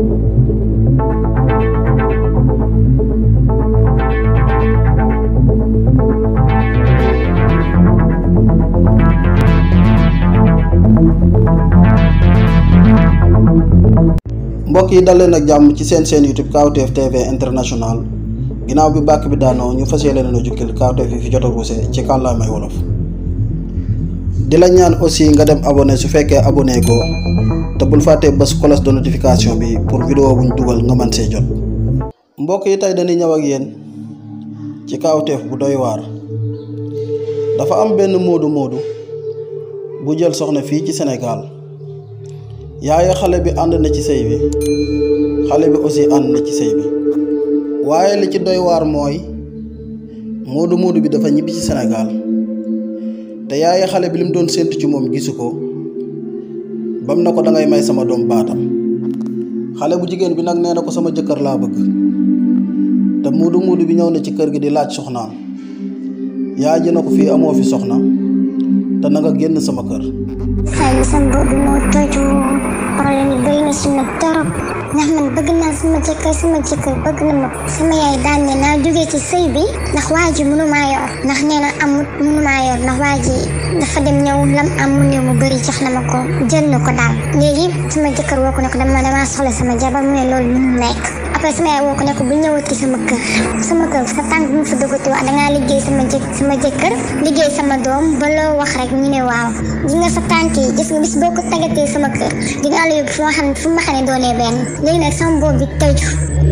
mbokk yi dal leen ak jàmm ci seen seen YouTube Kawtef TV international ginnaaw bi bàkk bi daanoo ñu fas yéene na jukkil Kawtef yi fi jot a ruuse ci kàllaamay wolof di la ñaan aussi nga dem abonné su fekkee abonné ko te bul fàttee bés cloche de notification bi pour vidéo buñ dugal nga mën see jot mbokk yi tey dañuy ñëw ak yéen ci kaawteef bu doy waar dafa am benn moodu moodu bu jël soxna fii ci senegal yaaye xale bi ànd na ci sëy bi xale bi aussi ànd na ci sëy bi waaye li ci doy mooy moodu moodu bi dafa ñibbi ci senegal te yaaya xale bi mu doon séentu ci moom gisu ko bam na ko dangay may sama doom baatam xale bu jigéen bi nag nee na ko sama jëkkër laa bëgg te muudu muudu bi ñëw na ci kër gi di laaj soxnaam yaay ji na ko fii amoo fi soxna te nanga génn sama kër problème yi bëri na si nag torop ndax man bëgg naa sama jëkkër sama jëkkër bëgg na ma sama yaay daan ne naa jógee ci sëy bi ndax waa ji mënumaa yor ndax nee na amut mënumaa yor ndax waa ji dafa dem ñëw lam am mu néew mu bëri jox na ma ko jël na ko daal léegi sama jëkkër woo ko ne ko dama damaa soxla sama jabar mu ne loolu mënul nekk Après-semaine woo ko ne ko bu sama kër sama kër sa tànk mu fa duggatul da ngaa liggéey sama jëk sama jëkkër liggéey sama doom ba loo wax rek ñu ne waaw di nga sa tànk yi gis nga bis boo tagatee sama kër di nga la yóbbu fu ma xam fu ma xam ben doonee benn sama bi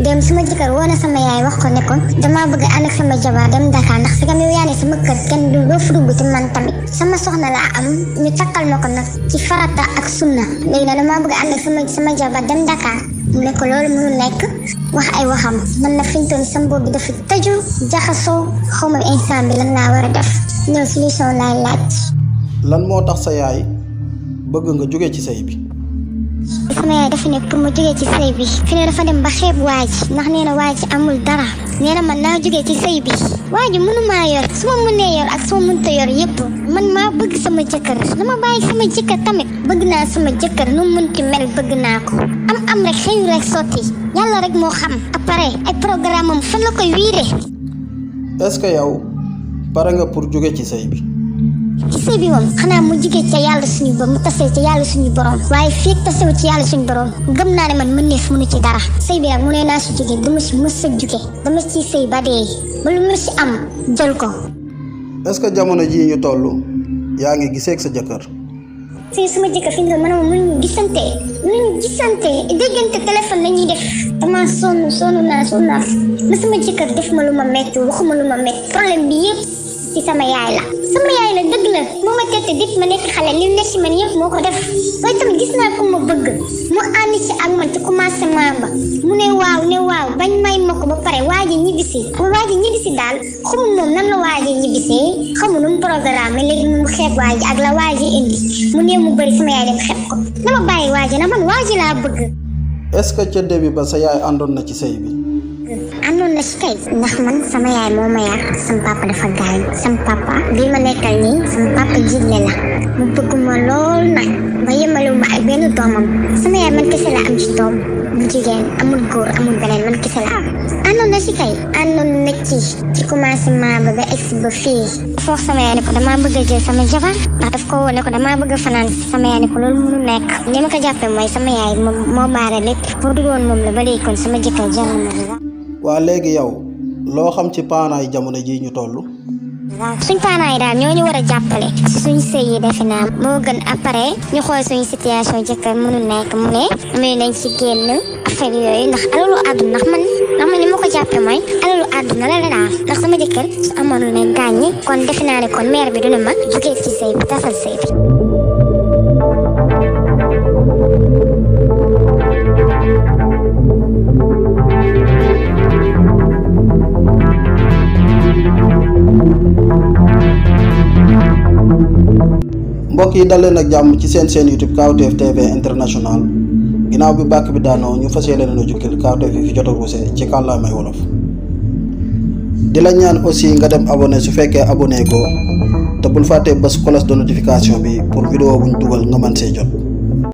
dem sama jëkkër woo sama yaay wax ko ne ko dama bëgg ànd ak sama jabar dem Dakar ndax sigam yow yaa sama kër kenn du doo fu dugg te man tamit sama soxna la am ñu takkal ma ko ci farata ak sunna léegi nag dama bëgg ànd ak sama sama jabar dem Dakar mu ne ko loolu mënul nekk wax ay waxam man na fi mu bi dafa tëju jaxasoo xaw ma bi lan laa war a def ñoom solution laay laaj. lan moo tax sa yaay bëgg nga jóge ci sëy bi. dafa mel ne dafa ne pour mu jógee ci sëy bi fi ne dafa dem ba xeeb waa ji ndax nee na waa ji amul dara nee na man naa jógee ci sëy bi waa ji mënumaa yor su ma mënee yor ak su ma mënta yor yëpp man maa bëgg sama jëkkër dama bàyyi sama jëkkër tamit bëgg naa sama jëkkër mel bëgg naa ko am am rek xëy rek sotti yàlla rek moo xam après ay programme am la koy wiire est-ce que yow pare nga pour jóge ci sëy bi gise bi moom xanaa mu jigee ca yàlla suñu borom waaye feeg tasewu ci yàlla suñu borom gëm naa ne man mën nees mënu ci dara sëy bi nag mu ne naa si mës sa jugee si sëy ba dee ba que jamono jii ñu yaa ngi giseeg sa jëkkër suma jëkkër fi ma sama jëkkër def ma lu ma metti waxuma lu ma metti problème bi yëpp ci sama yaay la sama yaay la dëgg la moo ma tette dit ma nekk xale li nekk ci man yëpp moo ko def waaye tam gis naa ku ma bëgg mu ànd ci ak man ci commencement ba mu ne waaw ne waaw bañ may ma ba pare waaji ñibbisi ñibbisi mu programme mu xeeb waaji ak la mu néew ko na bàyyi waaji na man waaji laa bëgg est-ce que ca début ba sa yaay àndoon na ci sëy bi àndoon na si kay ndax man ci kay àndoon na ci ci commencement ba ba egsi ba fii foofu sama yaay ne ko damaa bëgg a jël sama a fanaan sama yaay ne ko loolu mënu nekk li ma ko jàppee mooy sama yaay moo baare lépp pour du woon moom la ba léegi sama jëkkër jël na waa léegi yow loo xam ci parents yi jamono ji ñu toll. waaw suñ parents daal ñoo ñu war a jàppale si suñ sëy defe naa moo gën après ñu xool suñ situation jëkkër mënul nekk mu ne muy nañ ci génn affaire yooyu ndax alalu àdduna ndax man ni ma ko jàppee mooy alalu àdduna la la daal ndax sama jëkkër su amoon nañ gaañ kon defe naa ne kon mère bi duna ma jógee ci sëy bi tasal sëy bi. mbokk yi dal leen jàmm ci seen seen YouTube Kawtef TV international ginnaaw bi bàkk bi daanoo ñu fas yéene na jukkil Kawtef yi fi jot a ruuse ci kàllaamay wolof. di la ñaan aussi nga dem abonné su fekkee abonné ko te bul fàtte bés cloche de notification bi pour vidéo buñ dugal nga mën see jot.